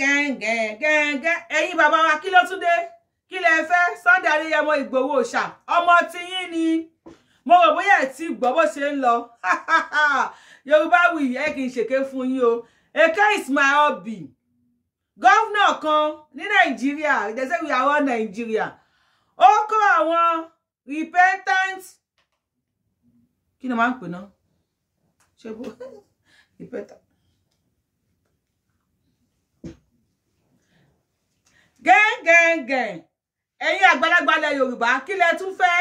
gẹ́ngẹ́ngẹ́ngẹ́ ẹ̀yin bàbá wa kí ló tún dé kí lẹ fẹ́ Sunday Adéyẹmọ Ìgbòho ṣá ọmọ tiyín ni mo rò bóyá ẹ ti gbọ́ bó ṣe ń lọ Yorùbá wì ẹ kì í ṣèké fún yín o èké is my hobby gọ́vnà kan ní Nàìjíríà ìdẹ́sẹ̀ wí àwọn Nàìjíríà ó kọ́ àwọn repentant kí ni wọ́n máa ń pè náà ṣe bó repentant. gẹ́ngẹ́ngẹ́ ẹ̀yin àgbàlagbà ilẹ̀ yorùbá kí lẹ tún fẹ́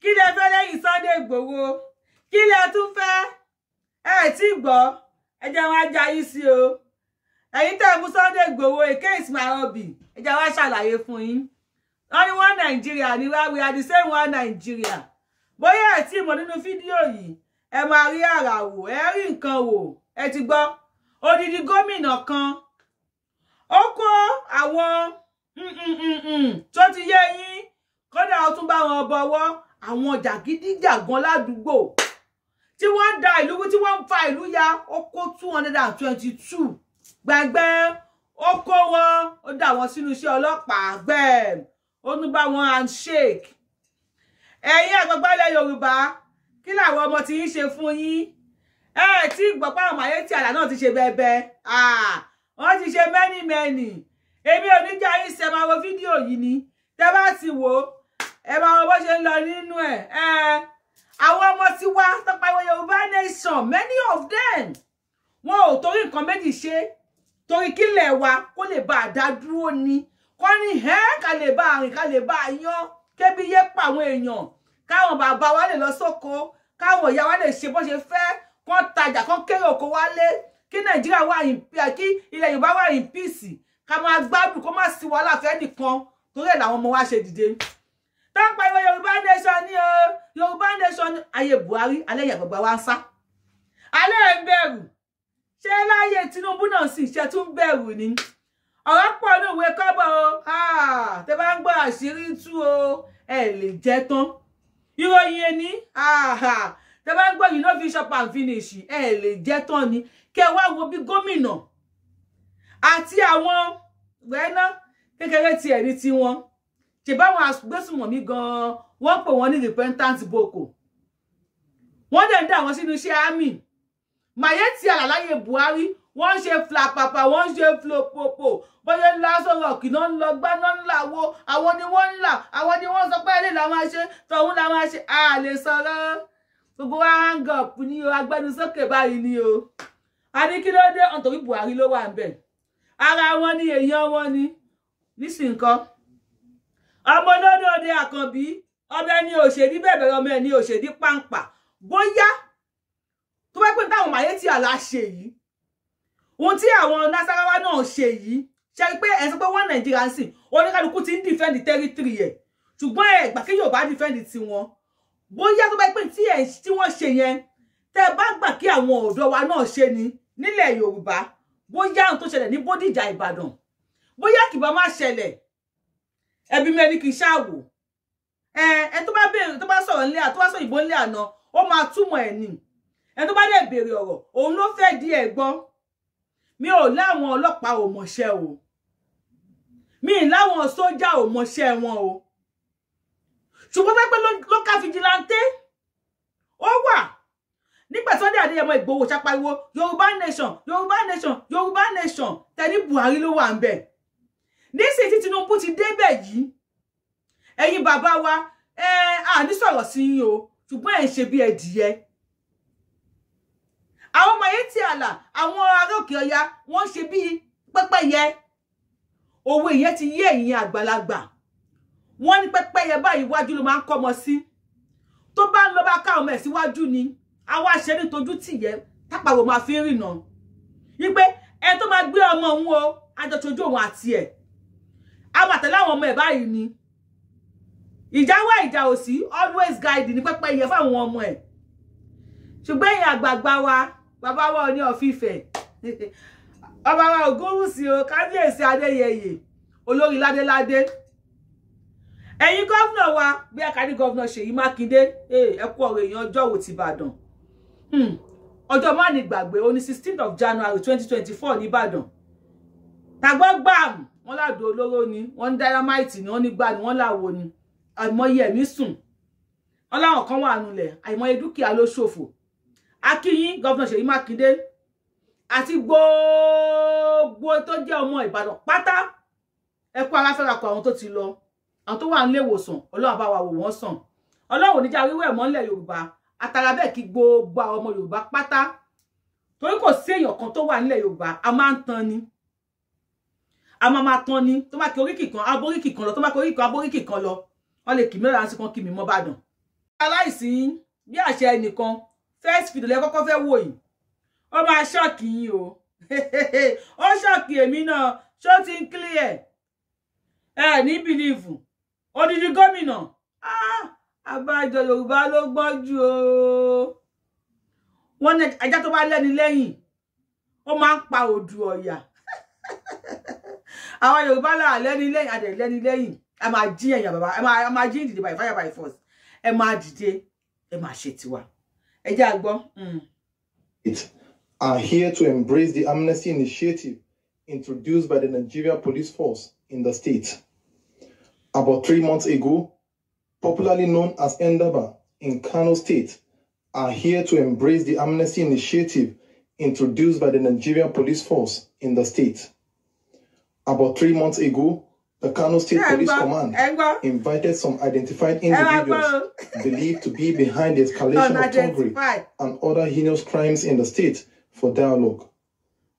kí lẹ fẹ́ lẹ́yìn Sunday Igboho kí lẹ tún fẹ́ ẹ tí gbọ́ ẹ jẹ́ wọn ajá yín sí o ẹ̀yin tẹ̀ mú Sunday Igboho èké ìsìmáyọ̀bì ẹ jẹ́ wọn ṣàlàyé fún yín wọ́n ní wọ́n nàìjíríà ní wá we are the same one nàìjíríà bóyá ẹ tí mọ̀ nínú fídíò yìí ẹ máa rí àrà wò ẹ rí nǹkan wò ẹ ti gbọ́ odidi gómìnà kan ó kó àwọn mm, mm, mm, tó ti yé yín kódà ó tún bá wọn bọwọ́ àwọn jàgídíjàgan ládùúgbò tí wọ́n da ìlú tí wọ́n ń fa ìlú ya ó kó two hundred and twenty two gbẹgbẹ́ ó kó wọn ó dà wọn sínú iṣẹ́ ọlọ́pàá gbẹ́ẹ̀ ó tún bá wọn handshake ẹ̀yin àgbàgbà ilẹ̀ Yorùbá kí làwọn ọmọ tí ń ṣe fún yín ẹ tí gbọ́ pé àwọn àyè tí àlà náà ti ṣe bẹ́ẹ̀ bẹ́ẹ̀ wọ́n ti ṣe mẹ́nì mẹ́nì èmi ò ní jẹ́ ayé ṣe máa wo fídíò yìí ni tẹ́ bá ti wò ó ẹ máa wo bó ṣe ń lọ nínú ẹ̀ àwọn ọmọ ti wá tọpa ìwé Yorùbá nation many of them wọn ò torí nǹkan méjì ṣe torí kílẹ̀ wa kó lè bá a dá dúró ni kọ́ ní ẹ́ ká lè bá a rìn ká lè bá a yán kébí yé pa àwọn èèyàn káwọn bàbá wa lè lọ sóko káwọn ìyá wa lè ṣe bó ṣe fẹ́ kọ́n tajà kọ́n kéré oko wálé kí nàìjíríà wà in kí ilẹ̀ yorùbá wà in peace ká máa gbádùn kó má sí wàhálà fẹ́ nìkan torí ẹ̀ làwọn ọmọ wa ṣe dìde tọ́pọ̀ ìwé yorùbá nation ni o yorùbá nation ayé buhari alẹ́ ìyàgbọ̀gbà wa ń sá alẹ́ ń bẹ̀rù ṣé láyé tinubu náà sì ṣe tún bẹ̀rù ni ọ̀rọ̀ pọ̀ ní òwe kọ́bọ̀ o ah, tẹ bá ń gbọ́ àṣírí tú o ẹ lè jẹ́ tán ìròyìn ẹni ah, ah, tẹ bá ń gbọ́ yìí ló fi ṣọpà finish ẹ lè jẹ́ tán ni kẹ́ wá wo bí gómìnà àti àwọn wẹ́ná kékeré ti ẹ̀rí tiwọn ṣe báwọn agbésùnmọ̀mí gan-an wọ́n pè wọ́n ní repentant boko wọ́n dẹ̀ ń dà wọ́n sínú iṣẹ́ army Miyetti Allah láyé Buhari wọ́n ń ṣe flapapa wọ́n ń ṣe flopopo bóyá ńlá sọ̀rọ̀ kì náà ń lọ gbá náà ń wo àwọn ni wọ́n ń àwọn ni wọ́n sọ pé ẹlẹ́ la máa ṣe tọ̀hún la máa ṣe a lè sọ̀rọ̀ gbogbo wa hang up ni o agbẹnusókè báyìí ni o a ní kí ló dé ọ̀n torí Buhari ló wà níbẹ̀ ara wọn ni èèyàn wọn ni nísìnkan ọmọ lọ́dọ̀ òde àkànbí ọmọ ẹni òṣèlú bẹ̀bẹ̀ ọmọ ẹni òṣèlú pàǹpà bóyá tó bá pé táwọn màáyé tí àlá ṣe yìí ohun tí àwọn nasarawa náà ṣe yìí ṣe pé ẹ̀sìn pé wọ́n nàìjíríà ń sìn oníkálukú ti ń dìfẹ́ǹdì tẹ́rítìrì ẹ̀ ṣùgbọ́n ẹ̀ gbà kí yóò bá dìfẹ́ǹdì tiwọn bóyá tó bá pé tí wọ́n ṣe yẹn tẹ́ bá gbà kí àwọn ọ̀dọ́ wa náà ṣe ni nílẹ̀ yorùbá bóyá ohun tó ṣẹlẹ̀ ní bódìjà ìbàdàn bóyá kìbá má ṣẹlẹ̀ ẹbí mẹ́rin kì í ṣáàwò ẹ tó bá béèrè tó bá sọ̀rọ̀ nílé àtọ́ bá sọ ìbò nílé àná ó máa túmọ̀ ẹ̀ nì ẹ tó bá dẹ̀ béèrè ọ̀rọ̀ òun ló fẹ́ di ẹ̀ gbọ́ mi ò láwọn ọlọ́pàá ò mọ̀ṣẹ́ o mi ì láwọn sójà ò mọ̀ṣẹ́ wọn o ṣùgbọ́n pẹ́pẹ́ ló ká fìjìláńtẹ́ ó wà nígbà Sunday Adéyẹmọ Ìgbòho ṣàpariwo Yorùbá nation Yorùbá nation Yorùbá nation tẹni Buhari ló wà ń bẹ nísìnyí tí Tinubu ti débẹ̀ yìí ẹ̀yin bàbá wa ẹ àní sọ̀rọ̀ sí yín o ṣùgbọ́n ẹ ń ṣe bí ẹdìyẹ àwọn ọmọ yẹn ti àlà àwọn ará òkè ọya wọ́n ń ṣe bí pẹ́pẹ́yẹ òwe yẹn ti yé ẹ̀yin àgbàlagbà wọ́n ní pẹ́pẹ́yẹ báyìí wájú ló máa ń kọ́mọ sí tó bá ń lọ bá ká ọmọ ẹ̀ síwájú ni àwa ṣe ní tojú tìyẹ tápàwò máa fi ń rìnà wípé ẹ tó máa gbé ọmọ òun o àjọṣojú òun àti E a máa tẹ̀lé àwọn ọmọ ẹ̀ báyìí ni ìjà wá ìjà òsì always guide ní pẹ́pẹ́ ìyẹn fáwọn ọmọ ẹ̀ ṣùgbọ́n ẹ̀yin àgbààgbà wa bàbá wa Ọọ̀ni of Ifẹ̀ ọba wa Ògúnwùsì o kábíyèsí Adéyẹyè olórí ládéládé ẹ̀yin gómìnà wa bí ẹ̀ka ní gómìnà Ṣèyí Mákindé eh, ẹ kú ọ̀rọ̀ èèyàn ọjọ́ wò ti Ìbàdàn Hmm. ọjọ́ má ní gbàgbé ó ní sixteen of january twenty twenty four nìbàdàn tàgbọ́ gbàm wọ́n làdó olóró ni wọ́n ní dárámáìtì ni wọ́n ní gbà ni wọ́n làwọ̀ ni àìmọye ẹ̀mí sùn wọ́n láwọn kan wà nulẹ̀ àìmọye dúkìá ló ṣòfò akínyín gọ́vnà ṣèyí mákindé àti gbogbo tó jẹ́ ọmọ ìbàdàn pátá ẹkú aláfẹ́rakọ àwọn tó ti lọ àwọn tó wà nílé ìwòsàn ọlọ́run bá wa wò wọ́n sàn ọlọ́run níjà wíwẹ̀ mọ́lẹ̀ yorùbá àtàrà bẹ́ẹ̀ kí gbogbo àwọn ọmọ yorùbá pátá torí kò sí èèyàn kan tó wà nílẹ̀ yorùbá a máa tan ni a máa máa tan ni tó bá kí oríkì kan aboríkì kan lọ tó bá kí oríkì kan aboríkì kan lọ wọn lè kì mí lọ́la ń sikán mi mọ́ bàdàn. aláìsí bí àṣẹ ẹnìkan first video lẹ kọ́kọ́ fẹ́ wò yìí ó máa ṣọ́ọ̀kì yín o ó ṣọ́ọ̀kì èmi náà ṣó ti ń clear ẹ ní bìlíìfù odidi gómìnà ah abájọ yorùbá ló gbọ́n jù o wọ́n ní ajá tó bá lẹ́ni lẹ́yìn ó máa ń pa òdù ọ̀yà àwọn yorùbá là lẹ́ni lẹ́yìn adẹ̀ lẹ́ni lẹ́yìn ẹ máa jí ẹ̀yàn bàbá ẹ máa jí ìdìde by fire by force ẹ máa dìde ẹ máa ṣe tiwa ẹ jẹ́ àgbọ́. Hmm. are here to embrace the amnesty initiative introduced by the Nigeria Police Force in the state. About three months ago, popularly known as Endaba in Kano State, are here to embrace the amnesty initiative introduced by the Nigerian police force in the state. About three months ago, the Kano State Police Command invited some identified individuals believed to be behind the escalation of Tongri and other heinous crimes in the state for dialogue.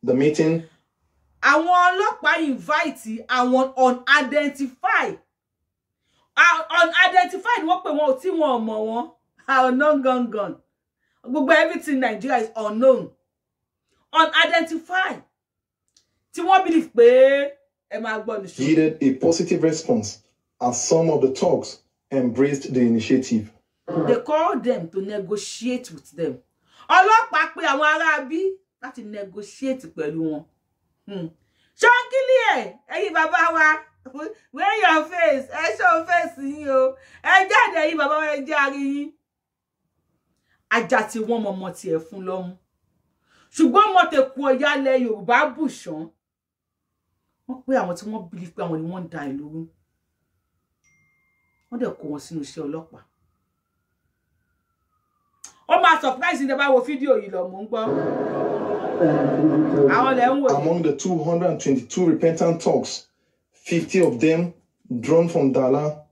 The meeting. I not by invite I àwọn unidentified unidentified wọ́n pè wọn tí wọn mọ̀ wọn unknown gun gun gbogbo everything Nigeria is unknown unidentified tí wọ́n believe pé ẹ máa gbọ́ nìṣó. needed a positive response as some of the talks embraced the initiative. they called them to negotiate with them ọlọ́pàá pè àwọn aráabí láti negotiate pẹ̀lú wọn. Hmm. ṣọ́ńkìlì ẹ̀ ẹ̀yin bàbá wa wear your face ẹ show face yín o ẹ jáde yín bàbá ẹ jẹ́ ari yín ajá tí wọ́n mọ̀mọ́ tiẹ̀ fún lọ́mú ṣùgbọ́n mọ̀tẹ̀kù ọ̀yá ilẹ̀ yorùbá bùṣán wọ́n pé àwọn tí wọ́n bìlí pé àwọn ni wọ́n ń da ìlú wọ́n dẹ̀ kó wọn sínú iṣẹ́ ọlọ́pàá ó máa surprise ní ẹ bá wo fídíò yìí lọ mò ń gbọ́. Among the 222 repentant talks. 50 of them drawn from Dala,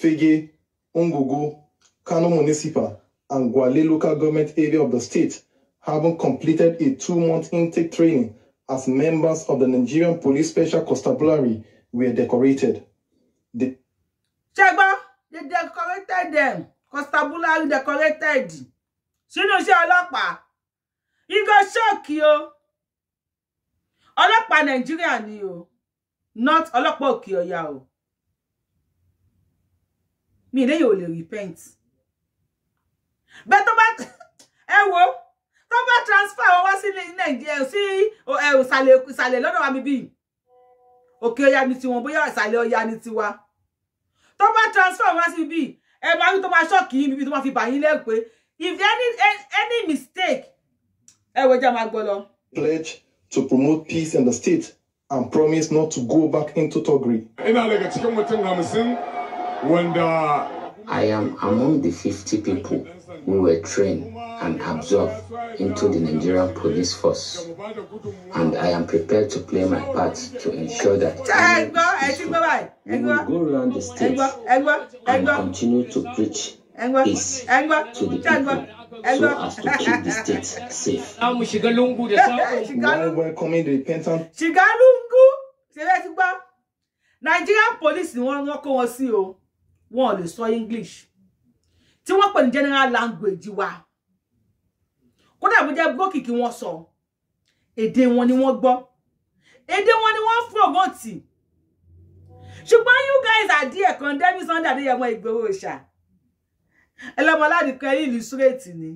Fege, Ungugu, Kano Municipal, and Gwale local government area of the state, having completed a two-month intake training as members of the Nigerian Police Special Constabulary were decorated. The Chegba, they decorated them. Constabulary decorated. Sínú iṣẹ́ ọlọ́pàá. Igan go shock you. Nàìjíríà Nigerian, o not ọlọ́pàá òkè ọ̀yà o mi lẹ́yìn ò lè repent bẹ́ẹ̀ tó bá ẹ wo tó bá transfer wọn wá sí nàìjíríà sí ìsàlẹ̀ ìsàlẹ̀ lọ́dọ̀ wa mi bí òkè ọ̀yà ni tiwọn bóyá ìsàlẹ̀ ọ̀yà ni tiwa tó bá transfer wọn wá sí bí ẹ máa rí tó máa ṣọ́ọ̀kì yín bíbí tó máa fi bà yín lẹ́rù if any any mistake ẹ wọ jẹ́ máa gbọ́ lọ. pledge to promote peace in the state and promise not to go back into Togri. I am among the 50 people who were trained and absorbed into the Nigerian police force. And I am prepared to play my part to ensure that we will go around the state and continue to preach peace to the people. so as to keep the state safe. Shiga lungu. While welcoming the repentant. Shiga lungu. Ṣebẹ́ ti gbọ́. Nigerian police ni wọ́n kó wọn sí o. Wọ́n lè sọ English. Tí wọ́n pè ní general language wa. Kódà bó jẹ́ gbókìkí wọn sọ. Èdè wọn ni wọ́n gbọ́. Èdè wọn ni wọ́n fọ̀gọ́tì. Ṣùgbọ́n you guys are there condemning Sunday Adéyẹmọ Ìgbòho ṣáà ẹlọ́mọ ládìkọ ẹ̀yìn illustrate ni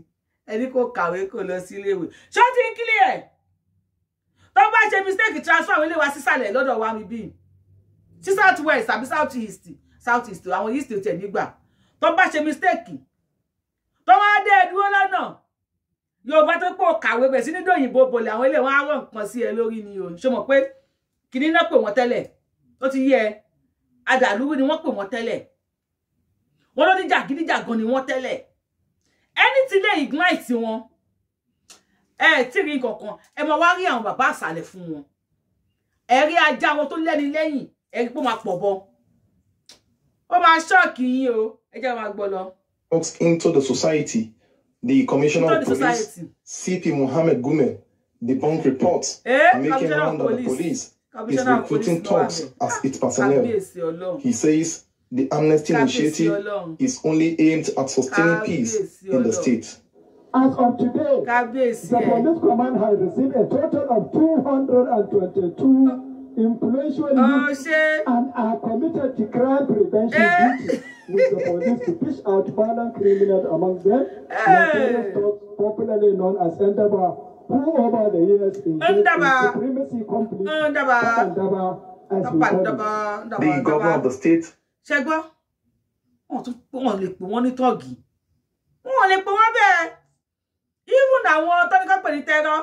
ẹni kò kàwé kò lọ sí iléèwé ṣé ó ti ń kílí ẹ̀ tó bá ṣe mistake transfer àwọn iléèwé sísàlẹ̀ lọ́dọ̀ wa mi bíi sí south west àbí south east south east àwọn east tẹ̀ nígbà tó bá ṣe mistake tó wá dé dúró lọ́nà yorùbá tó pọ̀ kàwé bẹ̀ sí nídò òyìnbó bolẹ̀ àwọn ilé wọn á rọ̀ nǹkan sí ẹ lórí ni o ṣe mọ̀ pé kìnínà pè wọ́n tẹ́lẹ̀ ó ti yẹ adàlúrú ni wọ́n pè wọ́n tẹ́lẹ̀ wọ́n ló ní jàgídíjàgan ni wọ́n tẹ́lẹ̀ ẹni tí lè ignite wọn ẹ tí rí kankan ẹ máa wá rí àwọn bàbá àsàlẹ̀ fún wọn ẹ rí ajá wọn tó lẹ́ni lẹ́yìn ẹ rí pé ó máa pọ̀ bọ ó máa ṣọ́ọ̀kì yín o ẹ jẹ́ máa gbọ́ lọ. into the society the commissioner of police cp mohammed Gume, debunk reports eh? and making round of the police eh, is recruiting thugs as ah, its personnel he says The amnesty initiative is only aimed at sustaining peace in the state. As of today, the police command has received a total of 222 influential oh, youths and are committed to crime prevention eh. duties with the police to fish out violent criminals among them, notorious eh. thugs popularly known as Endaba, who over the years engaged in supremacy conflict, Endaba, oh, as we call it. The governor of the state ṣe gbọ́ wọn tún wọn lè pè wọ́n ní tọ́ọ̀gì wọn lè pè wọ́n bẹ́ẹ̀ even àwọn tọ́nikọ́ pè ní tẹ́rọ́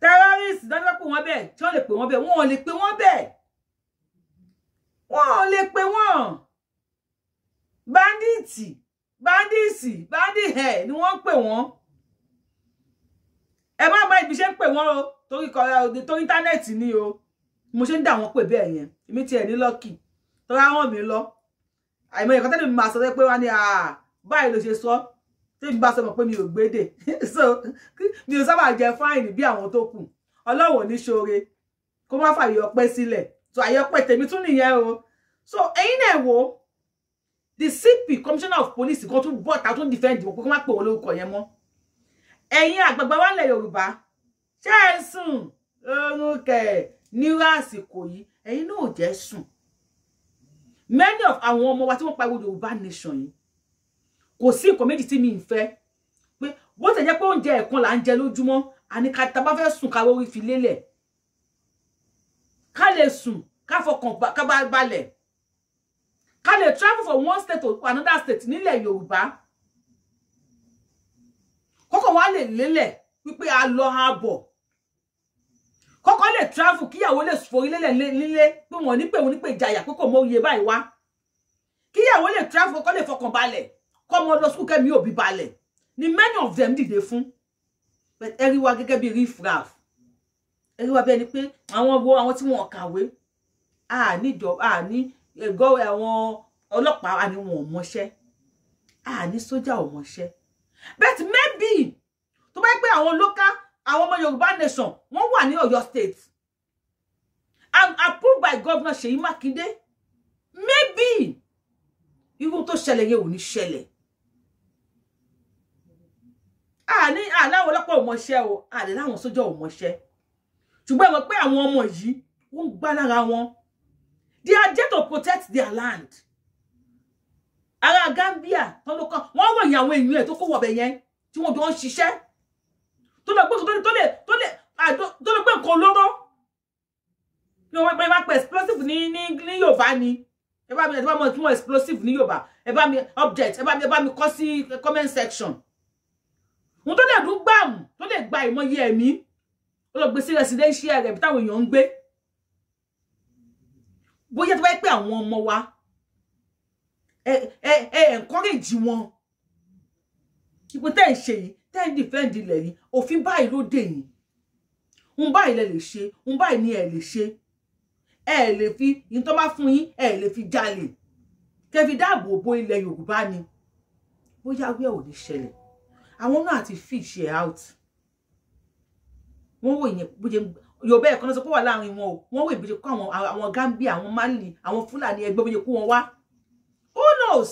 terrorist tọ́nikọ́ pè wọ́n bẹ́ẹ̀ tí wọ́n lè pè wọ́n bẹ́ẹ̀ wọn le pè wọ́n bẹ́ẹ̀ wọn lè pè wọ́n banditi bandisi bandihẹ ni wọ́n pè wọ́n ẹ má má ibi ṣe ń pè wọ́n o torí kọ̀ọ̀rọ̀ torí internet ni o mo ṣe ń dà wọ́n pè bẹ́ẹ̀ yẹn èmi tiẹ̀ ní lucky tó wá hàn mí lọ àìmọ̀ ẹ̀kọ́ tẹ́lẹ̀ mi máa sọ pé wá ní báyìí ló ṣe sọ tẹ́lẹ̀ mi bá sọ pé mi ò gbédè so mi ò sábà jẹ fáìnì bí àwọn tó kù ọlọ́wọ̀ ní ṣoore kó má fàyè ọpẹ́ sílẹ̀ so àyè ọpẹ́ tèmi tún nìyẹn o so ẹ̀yin náà wò the CP commissioner of police kan tún bọ́ ta tún defend wọn pé kó má pè wọ́n lórúkọ yẹn mọ́ ẹ̀yin àgbàgbà wálẹ̀ Yorùbá ṣé ẹ sùn oorun kẹ̀ nírú àsìkò yìí ẹ̀yin náà jẹ́ sùn many of àwọn ọmọ wa tí wọ́n pariwo yorùbá nation yìí kò sí nǹkan méjì tí mi ń fẹ́ pé bó tẹ̀ jẹ́ pé oúnjẹ ẹ̀kan là ń jẹ lójúmọ́ àní ká tá bá fẹ́ sùn ká wọ́n fi lélẹ̀ ká lè sùn ká fọkàn ká bá balẹ̀ ká lè travel from one state to another state nílẹ̀ yorùbá kọ́kọ́ wa lè lélẹ̀ wípé a lọ a bọ̀ kọ́kọ́ lè travel kíyàwó lè forílẹ̀ lílé pé wọ́n ní pé wọ́n ní pé ìjayà pé kò mọ iye báyìí wá kíyàwó lè travel kọ́kọ́ lè fọkàn balẹ̀ kọ́mọ lọ sùkúl kẹ́mi òbí balẹ̀ ni many of them dìde fún ẹrí wa gẹ́gẹ́ bí riffraff ẹrí wa bí ẹni pé àwọn wo àwọn tí wọn kàwé a níjọ a ní go àwọn ọlọ́pàá a ní wọn ò mọṣẹ́ a ní sójà ò mọṣẹ́ but maybe tó bá yẹ pé local àwọn ọmọ Yorùbá nation wọ́n wà ní Ọ̀yọ́ state and approved by governor Ṣèyí Mákindé maybe irú tó ṣẹlẹ̀ yẹ ò ní ṣẹlẹ̀ àní àláwọn ọlọ́pàá ò mọṣẹ́ o àlè láwọn sójà ò mọṣẹ́ ṣùgbọ́n ẹ mọ̀ pé àwọn ọmọ yìí wọ́n gbá lára wọn they are there to protect their land ará Gambia tọ́lọ́kàn wọ́n wọ̀nyí àwọn èèyàn ẹ̀ tó kó wọ̀bẹ̀ yẹn tí wọ́n jọ ń ṣiṣẹ́ tó lọ pé tó lè tó lè tó lè pé nǹkan olóró ní wọn pé máa pẹ explosive ní ní ní Yorùbá ni ẹ bá mi ẹ bá mọ ìtumọ̀ explosive ní Yorùbá ẹ bá mi object ẹ bá mi ẹ bá mi kọ sí comment section òun tó lè dún gbàmù tó lè gba ìmọye ẹ̀mí ó lọ gbé sí residential rẹ̀ bí táwọn èèyàn ń gbé bóyá tó bá pé àwọn ọmọ wa ẹ ẹ ẹ encourage wọn ipò tẹ́ ẹ̀ ṣe yìí tẹ́ ń defend ilẹ̀ yìí òfin báyìí ló dè yín ń báyìí lẹ lè ṣe ń báyìí ni ẹ lè ṣe ẹ lè fi yín tó bá fún yín ẹ lè fi jalè kẹ́ dáàbò bo ilẹ̀ Yorùbá ni bóyá wíẹ̀ ò ní ṣẹlẹ̀ àwọn náà ti fish ẹ̀ out wọ́n wò yẹn bó ṣe Yorùbá ẹ̀kọ́ náà sọ pé wà láàrin wọn o wọ́n wò ìbíṣe kó àwọn Gambia àwọn Mali àwọn Fúlàní ẹgbẹ́ bó kó wọn wá who knows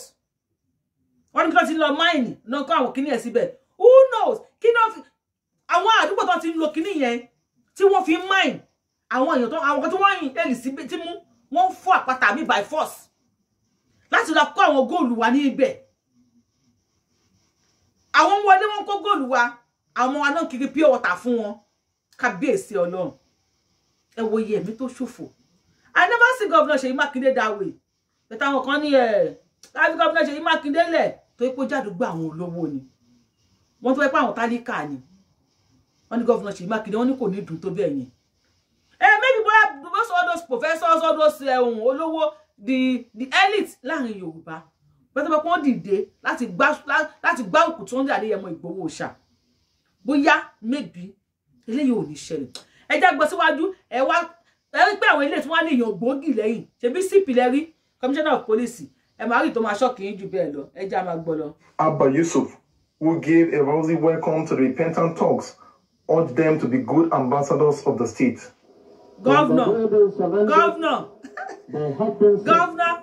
wọ́n ní kí wọ́n ti lọ máìnì náà kó àwọn kìnìyàn síbẹ̀ who knows kí náà fi àwọn àdúgbò tó ti ń lo kinní yẹn tí wọ́n fi ń mine àwọn èèyàn tó àwọn kan tí wọ́n yìn èrì sí tí mú wọ́n ń fọ́ àpáta mi by force láti lọ kó àwọn góòlù wa ní ibẹ̀ àwọn ń wọlé wọn kó góòlù wa àwọn ọmọ wa náà kiri pure water fún wọn kábíyèsí ọlọ́run ẹ wo iye ẹ̀mí tó ṣòfò i never see governor Ṣèyí Mákindé that way but àwọn kan ní ẹ láti governor Ṣèyí Mákindé lẹ̀ tó ipò jádùgbò àwọn olówó ni wọ́n tó wẹ́ pé àwọn tálíkà ni wọ́n ní gọ́fìnà Ṣèyí Mákindé wọ́n ní kò ní dùn tó bẹ́ẹ̀ yẹn ẹ eh, mẹ́bí bóyá those all those professors all those ẹ̀hún eh, olówó the the elite láàrin Yorùbá pẹ́tẹ́pẹ́ kí wọ́n dìde láti gbá òkú tó ń dé Adéyẹmọ Ìgbòho ṣá bóyá mẹ́bí eléyìí ò ní ṣẹlẹ̀ ẹ já gbọ́ síwájú ẹ wá ẹ rí pé àwọn ilé tí wọ́n ní èèyàn gbòógì lẹ́yìn ṣebí sípì lẹ́rí commissioner of police ẹ máa rí tó máa ṣọ́ọ̀kì yín jù bẹ́ẹ̀ lọ ẹ já máa gbọ́ lọ. Abba Yusuf who gave a rosy welcome to the repentant talks, urged them to be good ambassadors of the state. Governor, Governor, Governor, Governor, hey, Governor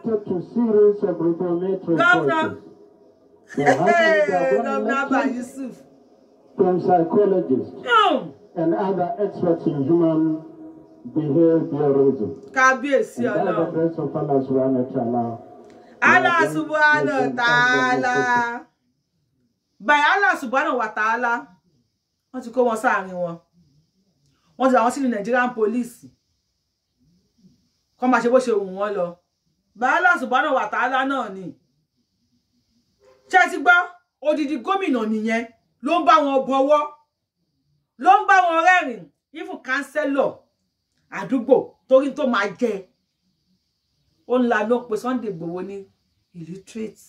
Yusuf, from psychologists no. and other experts in human behaviorism. Kábíyèsí Ọlọ́run. Allah subhanahu wa ta'ala by Allah subhanahu wa ta'ala wọ́n ti kó wọn sáàrin wọn wọ́n ti àwọn sínú Nigerian police kọ́ máa ṣe bó ṣe wù wọ́n lọ by Allah subhanahu wa ta'ala náà ni ṣé ti gbọ́ odidi gómìnà nìyẹn ló ń bá wọn bọwọ́ ló ń bá wọn rẹ́rìn ifun kánsẹ́lọ̀ àdúgbò torí tó máa jẹ ó ń la ló pe Sunday Igboho ní illiterate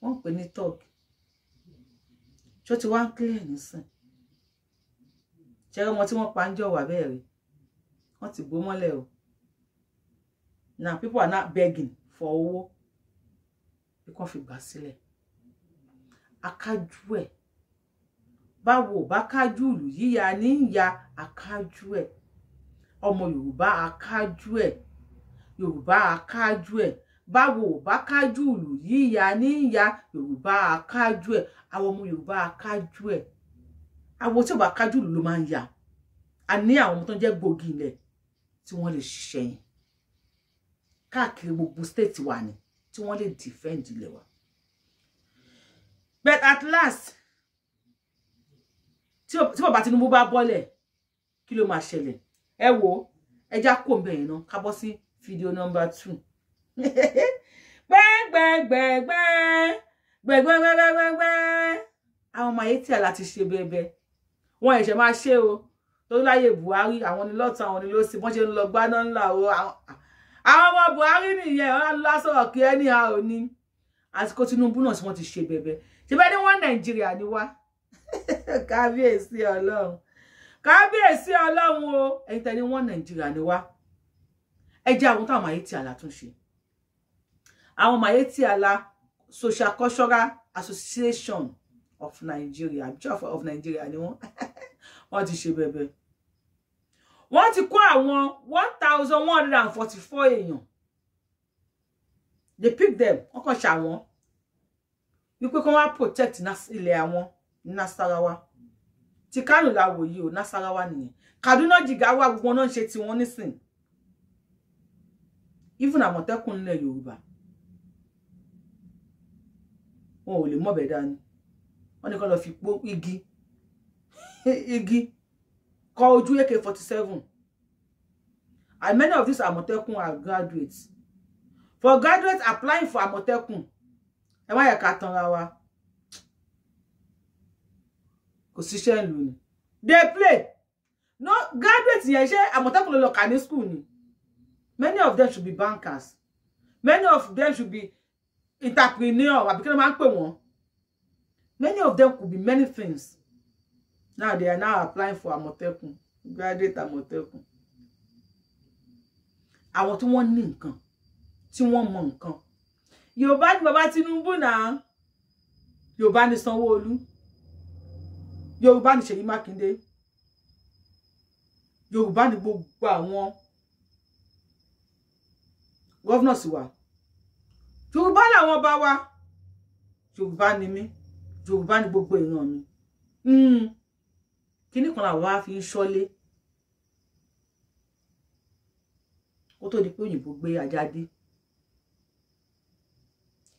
wọ́n pè ní talk ṣó ti wá ń clear nísìn ṣe ọmọ tí wọ́n pa ń jọ wà bẹ́ẹ̀ rí wọ́n ti gbó mọ́lẹ̀ o now people are not begging for owó bí wọ́n fi gbà sílẹ̀ akájú ẹ̀ báwo bá kájú ìlú yíya ní ìyá akájú ẹ̀ ọmọ yorùbá akájú ẹ̀ yorùbá akájú ẹ̀ báwo bá kájú ìlú yíya níyà yorùbá akájú ẹ àwọn ọmọ yorùbá akájú ẹ àwọn tí ò bá kájú ìlú ló máa ń yà á ní àwọn ọmọ tó ń jẹ́ gbòógì ilẹ̀ tí wọ́n lè ṣiṣẹ́ yẹn káàkiri gbogbo state wa ni tí wọ́n lè defend ilẹ̀ wa but at last tí bàbá Tinubu bá bọ́lẹ̀ kí ló máa ṣẹlẹ̀ ẹ wo ẹja kò ń bẹ̀yìn náà ká bọ́ sí fídíò nọmba two gbẹ́gbẹ́gbẹ́gbẹ́ gbẹ́gbẹ́gbẹ́gbẹ́ àwọn ọmọ yìí a láti ṣe bẹ́ẹ̀bẹ́ wọn ẹ̀ṣẹ̀ máa ṣe o torí láyé Buhari àwọn ni lọ́tọ̀ àwọn ni ló sì wọ́n ṣe ń lọ gbaná ńlá o àwọn ọmọ Buhari nìyẹn wọn lọ sọ̀rọ̀ kí ẹni a ò ní àsìkò Tinubu náà tí wọ́n ti ṣe bẹ́ẹ̀bẹ́ ṣe bẹ́ẹ̀ ni wọ́n Nàìjíríà ni wá kábíyèsí Ọlọ́run kábíyèsí Ọlọ́run o ẹ̀yin tẹ̀ ni wọ́n Nàìjíríà ni wá ẹ jẹ́ àwọn táwọn ayé tí àlàtúnṣe àwọn Miyetti Allah social cultural association of Nigeria àbíjọfọ of Nigeria ni wọn wọn ti ṣe bẹ̀bẹ̀ wọ́n ti kó àwọn one thousand one hundred and forty four they pick them wọ́n kàn ṣàwọn wípé kí wọ́n wá protect ilẹ̀ àwọn ní Nasarawa ti Kánò la wò yìí o Nasarawa nìyẹn Kaduna Jigawa gbogbo náà ń ṣe tiwọn nísìn even Àmọ̀tẹ́kùn nílẹ̀ Yorùbá wọn ò lè mọ̀bẹ̀ dání wọ́n ní kó lọ fi pó igi igi kọ ojú ak forty seven and many of these àmọ̀tẹ́kùn are graduates for graduates applying for àmọ̀tẹ́kùn ẹ má yẹ ká tanra wa kò síṣẹ́ ìlú ni they play no graduates yẹn ṣe àmọ̀tẹ́kùn ló lọ kà ní school ni many of them should be bankers many of them should be entrepreneur àbí kí ló máa many of them could be many things now they are now applying for a Àmọ̀tẹ́kùn graduate Àmọ̀tẹ́kùn àwọn tí wọ́n ní nǹkan tí wọ́n mọ nǹkan Yorùbá ni bàbá Tinubu náà Yorùbá ni Sanwó-Olú Yorùbá ni Ṣèyí Mákindé Yorùbá ni gbogbo àwọn gọ́vnọ̀sì wa yorùbá làwọn bá wa yorùbá ni mí yorùbá ni gbogbo èèyàn mi hmm. kíní kan làwọn á fi ń ṣọ́lé ó tó di pé òyìnbó gbé ajá dé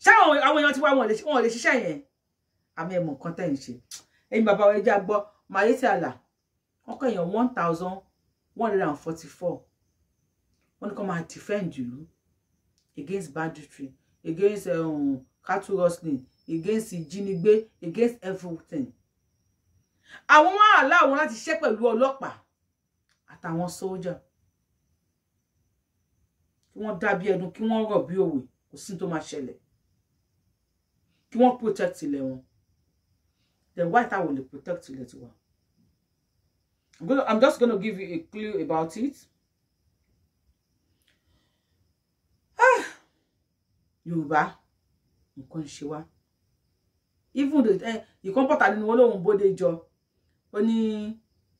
ṣáwọn àwọn èèyàn ti wá wọn ò lè ṣiṣẹ́ yẹn àmì ẹ̀mọ̀ kan tẹ̀ ń ṣe ẹ̀yin bàbá wa ẹja gbọ́ mayete àlà wọ́n kọ́ èèyàn one thousand one hundred and forty four wọ́n ní kó máa defend ìlú against banditry against um, cattle rustling against ìjínigbé against everything àwọn wọn àlá àwọn láti ṣiṣẹ́ pẹ̀lú ọlọ́pàá àtàwọn sójà kí wọ́n dábí ẹnu kí wọ́n rọ̀ bí òwe kò sí tó máa ṣẹlẹ̀ kí wọ́n protect ilẹ̀ wọn then why táwọn lè protect ilẹ̀ tiwa I'm just gonna give you a clue about it. yorùbá nǹkan ń ṣe wá even the eh, ìkan pọ̀tà nínú wọn lòun bóde jọ ó ní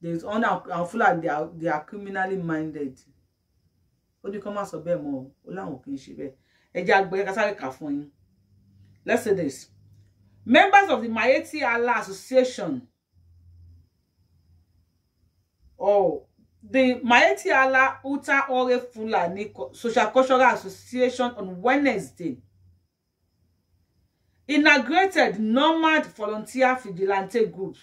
there is one àwọn fúlàní they are they are criminally minded ó ní kí wọ́n má sọ bẹ́ẹ̀ mọ́ ó láwọn kì í ṣe bẹ́ẹ̀ ẹ̀jẹ̀ àgbẹ̀ kásáré kà fún yín let's say this members of the Mayetti Allah Association. Oh, The Maeti Uta Ore Fulani Social Cultural Association on Wednesday inaugurated nomad volunteer vigilante Group,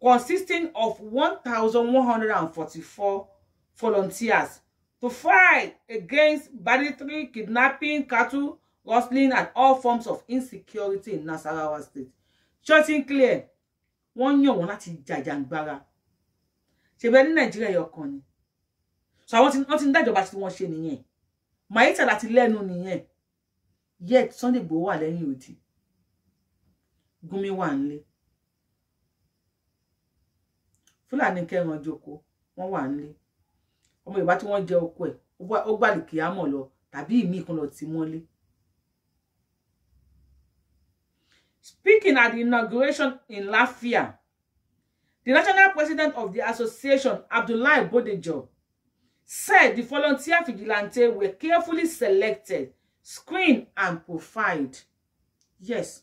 consisting of 1,144 volunteers to fight against banditry, kidnapping, cattle rustling, and all forms of insecurity in Nasarawa State. Church in clear, wọ́n yàn wọ́n láti jajangbara ṣèbẹ ní nàìjíríà yọ kan ni so àwọn tí wọn ti ń dájọba tí wọn ṣe nìyẹn Màyítàlá ti lẹ́nu yet Sunday Igboho wà lẹ́yìn odi Gumi wà nílé Fúlàní kẹran joko wọn wà nílé ọmọ Yorùbá tí wọn jẹ oko ẹ ó gbàlè kìámọ lọ tàbí ìmí kan lọ ti mọ́lé. Speaking at the inauguration in Lafia, the National president of the association, Abdullahi Bodejo, said the volunteer vigilante were carefully selected, screened, and profiled. Yes,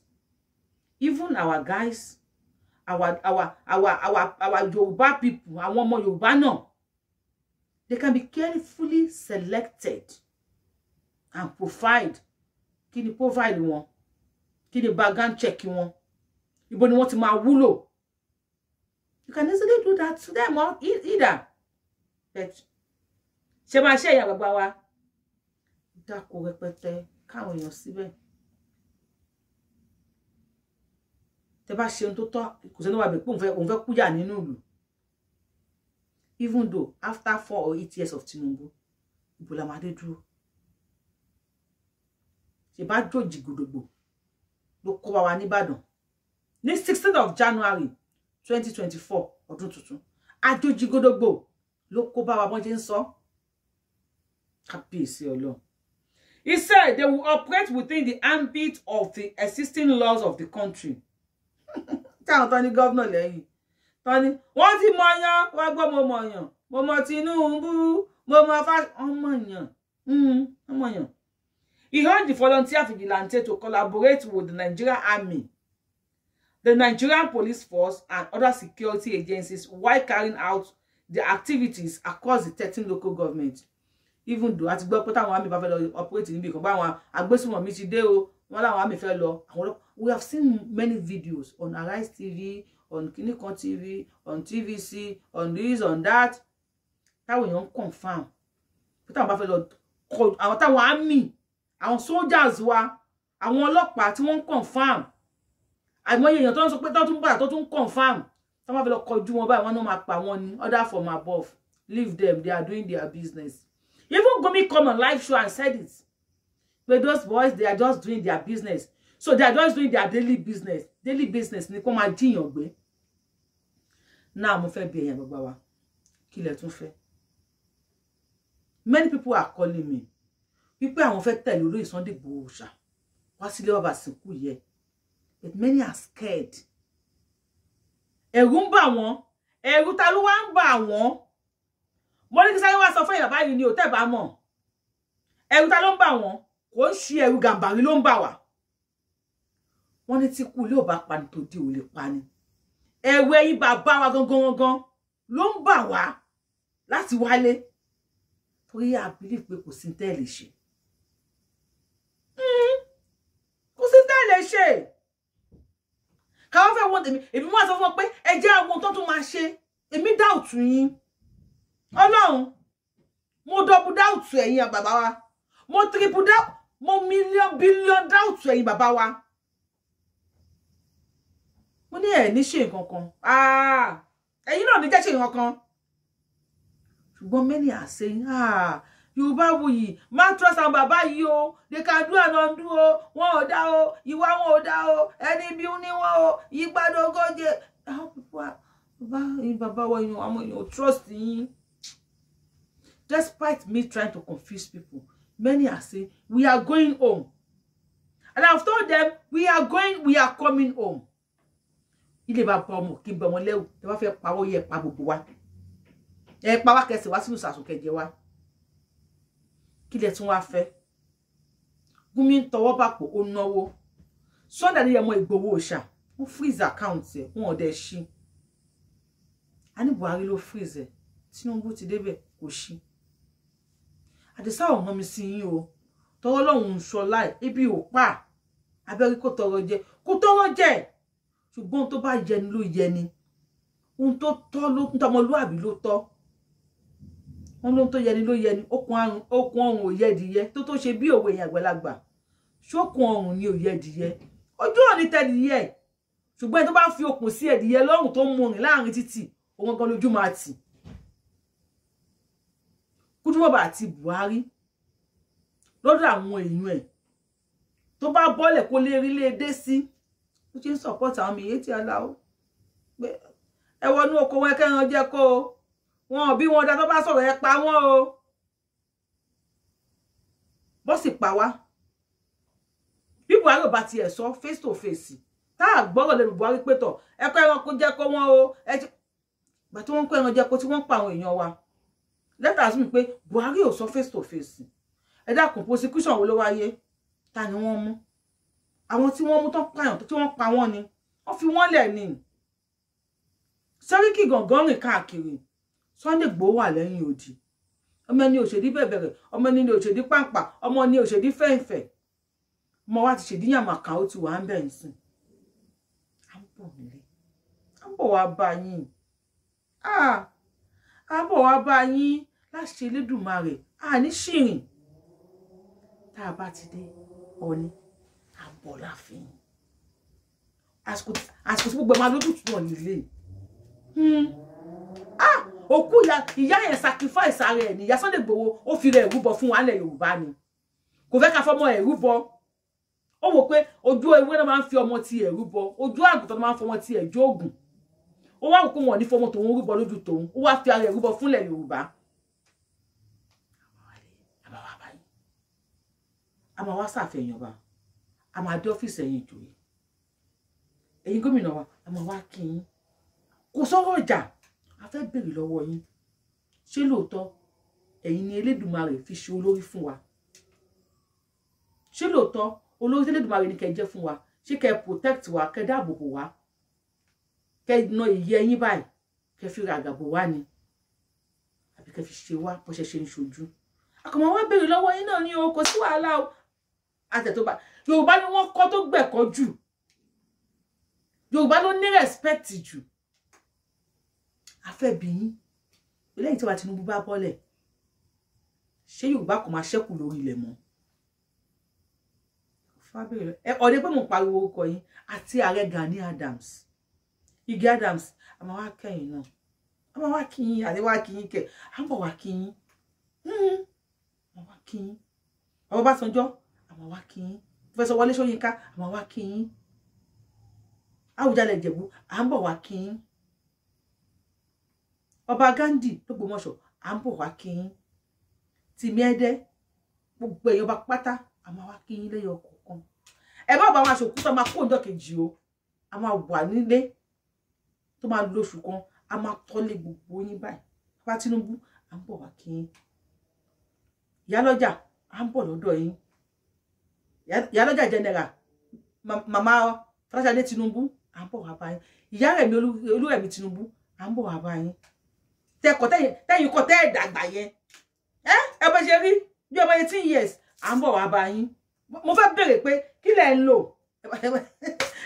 even our guys, our our our our our Yoruba people, our ọmọ Yorùbá náà, they can be carefully selected and profiled. Kí ni profile one, Kí ni background check wọn? Ibo ni wọ́n ti máa wúlò? You can easily do that to them or e-, either. But ṣe máa ṣe ìyá bàbá wa dáko rẹpẹtẹ káwọn èèyàn síbẹ̀. Tẹ bá ṣe ohun tó tọ́ kò sẹ́ni wà bẹ̀ pé òun fẹ́ kúyà nínú ìlú. Even though after four or eight years of Tinubu, ìbò la máa dé dúró. Ṣé bá jòjì gbòdògbò ló kó wa wá nìbàdàn? of January 2024. twenty four ọdún tuntun àjòjì gbódógbò ló kó bá wa bọ́n ṣe ń sọ kábíyèsí ọlọ́run. He said they will operate within the ambit of the existing laws of the country. Táwọn tán ní gómìnà lẹ́yìn. Tán ní wọ́n ti mọ yan, wọ́n gbọ́ mo mọ̀ yàn, mo mọ Tinubu, mo mọ Fáṣ... ọmọ yàn, hmm, He urged the volunteer vigilante to collaborate with the Nigeria army The Nigerian Police Force and other security agencies while carrying out the activities across the 13 local governments. Even though àti gbọ́ pé táwọn àmì bá fẹ́ lọ operate níbi kan báwọn agbésùnmọ̀mí ti dé o wọ́n láwọn àmì fẹ́ lọ àwọn we have seen many videos on Arise TV on kinikan TV on TVC on this on that táwọn èèyàn ń confam pé táwọn bá fẹ́ lọ àwọn táwọn àmì àwọn soldiers wa àwọn ọlọ́pàá tí wọ́n confirm àìmọye èèyàn tó ń sọ pé tó tún gbà tó tún confam tó máa fi lọ kọjú wọn báyìí wọn náà máa pa wọn ní order from above leave them they are doing their business even Gumi come on live show and said it pé those boys they are just doing their business so they are just doing their daily business daily business ni kó máa jiyàn gbé náà mo fẹ́ bi èèyàn gbogbo wa kí lẹ tún fẹ́ many people are calling me wípé àwọn fẹ́ tẹ̀lé olóyè Sunday Igboho ṣá wá sílé bàbá sìnkú yẹ but many are scared ẹ̀rù ń bà wọ́n ẹ̀rù ta ló wá ń bà wọ́n mo ní kí sáré wá sọ fún ìyàbá yìí ni ò tẹ́ bá mọ̀ ẹ̀rù ta ló ń bà wọ́n kò ń ṣe ẹ̀rù gàǹbàrí ló ń bà wá wọ́n ní tí kú ilé ò bá pani tó dé ò lè pani ẹ̀rù ẹ̀yìn bàbá wa gangan gangan ló ń bà wá láti wálé torí àbílí pé kò sí tẹ́ẹ̀lì ṣe káwọn fẹ́ wọ́n tèmi èmi wọ́n sọ fún ọ pé ẹ jẹ́ àwọn tó tún máa ṣe èmi dáùtù yín ọlọ́run mo dọ́bu dáùtù ẹ̀yin bàbá wa mo tiripu dáùtù mo mílíọ̀n bílíọ̀n dáùtù ẹ̀yin Baba wa mo ní ẹ̀ ní ṣe nǹkan kan ah, ẹ̀yin náà ní jẹ́ ṣe nǹkan kan many are saying ah. You yi, má trust am bàbá yìí o they can do and undo o wọn ò dá o ìwà wọn ò dá o ẹni bí ní wọn o yípadà ogóje àwọn bàbá wọn yìí àwọn èèyàn trust yín despite me trying to confuse people many are saying we are going home and I've told them we are going we are coming home ilé bàbá ọmọ kí n bẹ wọn lẹ́wù tí wọ́n fẹ́ pawó yẹ pa gbogbo wa ẹ pa wá kẹsì wá sínú sàsùn kẹjẹ wa kí lẹ tún wá fẹ́ Gumi ń tọwọ́ bàpò ó náwó Sunday Adéyẹmọ Ìgbòho Òòṣà wọ́n freeze account ẹ̀ wọn ò ṣí a ní Buhari ló freeze ẹ̀ Tinubu ti débẹ̀ kò ṣí àdìsá ò rán mi sí yín o tọwọ́ lọ́hùn ún ṣọlá ẹ̀ ebi ò pa abẹ́rí kò tọrọ jẹ kò tọrọ jẹ ṣùgbọ́n tó bá yẹni ló yẹni ohun tó tọ́ ló ń tọmọlúàbí ló tọ́ wọn lóhun tó yẹni ló yẹni okùn àrùn okùn ọrùn ò yẹdìyẹ tó tó ṣe bí òwe yẹn àgbàlagbà ṣókùn ọrùn ni ò yẹdìyẹ ojú ò ní tẹdìyẹ ṣùgbọ́n ẹni tó bá fi okùn sí ẹdìyẹ lọ́rùn tó ń mu rìn láàrin títì òun gan lójú máa tì kúdùmọ̀bà àti Buhari lọ́dọ̀ àwọn èèyàn ẹ̀ tó bá bọ́lẹ̀ kó lè rí léde sí ó ṣe ń sọ̀pọ̀tà àwọn èyí tí a la ó ẹ wọnú oko wọn kẹrin jẹ kó o wọn ò bí wọn dá tó bá sọ̀rọ̀ ẹ pa wọ́n o bọ́ sì pa wá bí buhari ò bá tiẹ̀ sọ face to face tá a gbọ́rọ̀ lẹ́nu buhari pé tọ̀ ẹ kọ́ ẹranko jẹ́ kó wọ́n o ẹ ti gbà tí wọ́n ń kọ́ ẹran jẹ́ kó tí wọ́n ń pa àwọn èèyàn wa lẹ́tà sí mi pé buhari ò sọ face to face ẹ dákun prosecution wo ló wáyé ta ni wọ́n mú àwọn tí wọ́n mú tán pààyàn tí wọ́n pa wọ́n ni wọ́n fi wọ́n lẹ̀ ni sẹ́ríkì gàngán rìn káàkiri Sunday Igboho wà lẹ́yìn odi ọmọ ẹni òṣèdí bẹ̀bẹ̀rẹ̀ ọmọ ẹni òṣèdí pàǹpà ọmọ ẹni òṣèdí fẹ̀ǹfẹ̀ ọmọ wa ti ṣèdí yàmàkà ó ti wà ń bẹ̀ ń sìn à ń bọ̀ nílé à ń bọ̀ wá bá yín à ń bọ̀ wá bá yín láti ṣe Elédùmarè à ní ṣìrìn tá a bá ti dé ọní à ń bọ̀ láàfin àsìkò tí gbogbo ẹ̀ máa lójútùú náà nílé. Hmm òkú ìyá yẹn sacrifice ara ẹ̀ ní ìyá Sunday Igboho ó fi rẹ̀ ìrúbọ fún wa lẹ̀ Yorùbá ni kò fẹ́ ká fọmọ ẹ̀rúbọ ó wò pé ojú ewé náà máa ń fi ọmọ ti ẹ̀rúbọ ojú àgùntàn máa ń fọmọ ti ẹ̀jọ́ ògùn ó wá òkú wọn ní fọmọ tòun rúbọ lójú tòun ó wá fi ara ẹ̀rúbọ fúnlẹ̀ Yorùbá a máa wá sàfẹ̀yìn ọba a máa dé ọ́fíìsì ẹ̀yìn ìjòyè ẹ̀yin gómìnà wa a máa wá kí yín kò a fẹ́ béèrè lọ́wọ́ yín ṣé lóòótọ́ ẹ̀yin ni elédùnmarè fi ṣe olórí fún wa ṣé lóòótọ́ olórí tí elédùnmarè ni kẹ́ jẹ́ fún wa ṣé kẹ́ protect wa kẹ́ dáàbò bò wá kẹ́ na ìyẹ́ yín báyìí kẹ́ fi ràgà bò wá ni àbí kẹ́ fi ṣe wá bó ṣe ṣe ń ṣojú àkàmọ́ wá béèrè lọ́wọ́ yín náà ní o kò sí wàhálà o àtẹ̀tọ́ba yorùbá ni wọ́n kọ́ tó gbẹ̀kọ́ jù yorùbá ló ní respect jù afẹ́bi yín lẹ́yìn tí wàá Tinubu bá bọ́lẹ̀ ṣé Yorùbá kò máa ṣẹ́kù lórí ilẹ̀ mọ́ fábíyìí ẹ ọ̀dẹ pé mo pariwo orúkọ yín àti ààrẹ Gani Adams Ige Adams a máa wá kẹ́yìn náà a máa wá kí yín àti wá kí yín kẹ à ń bọ̀ wá kí yín hmm. a máa wá kí yín bàbá Ọbásanjọ́ a wá kí yín Wọlé Ṣóyínká a wá kí yín Àwùjalẹ̀ Ìjẹ̀bú wá kí ọba Ghandi lógbómọ̀ṣọ́ à ń bọ̀ wá kíyín tìmí ẹdẹ gbogbo èèyàn bá pátá a máa wá kíyín lẹ́yìn ọkọ̀ọ̀kan ẹ bá bá wọn aṣòkú tó máa kó ọjọ́ kejì o a máa wà nílé tó máa lóṣù kan a máa tọ́lé gbogbo yín báyìí bá Tinubu à ń bọ̀ wá kíyín ìyálọ́jà à ń bọ̀ lọ́dọ̀ yín ìyálọ́jà general màmá Fọláṣadé Tinubu à ń bọ̀ wá báyìí ìyá rẹ̀ mi Tinubu à ń bọ̀ wá báyìí tẹkọ tẹyin kọ tẹ dàgbà yẹn ẹ ẹ bẹ ṣe rí bí ọmọ eighteen years à ń bọ̀ wá bá yín mo fẹ́ béèrè pé kí lẹ̀ ń lò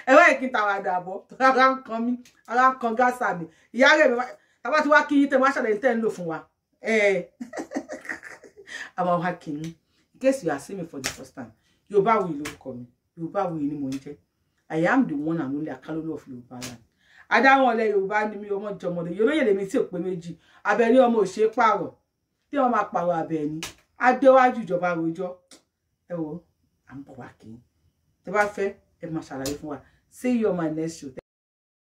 ẹ wá ìkí tàwa dàbọ̀ ara ń kan mí ara ń kan gáàsà mi ìyá rẹ̀ mi tàbá ti wá kí yín tẹ̀ wá ṣàlẹ̀ tẹ̀ ń lò fún wa àwọn wa kì í in case you are seeing me for the first time Yorùbáwùyí lórúkọ mi Yorùbáwùyí ni mò ń jẹ́ I am the one and only Akálólú of Yorùbá land adáwọn ọlẹ yorùbá ni mi ọmọ jọmọlẹ yorùbá lèmi tí ò pé méjì abẹni ọmọ ò ṣe é pààrọ̀ tí wọn máa pààrọ̀ abẹni adéwájú ìjọba rojọ ẹ wo à ń bọ̀ wá kí n tẹ bá fẹ́ ẹ máa ṣàlàyé fún wa see you on my next show.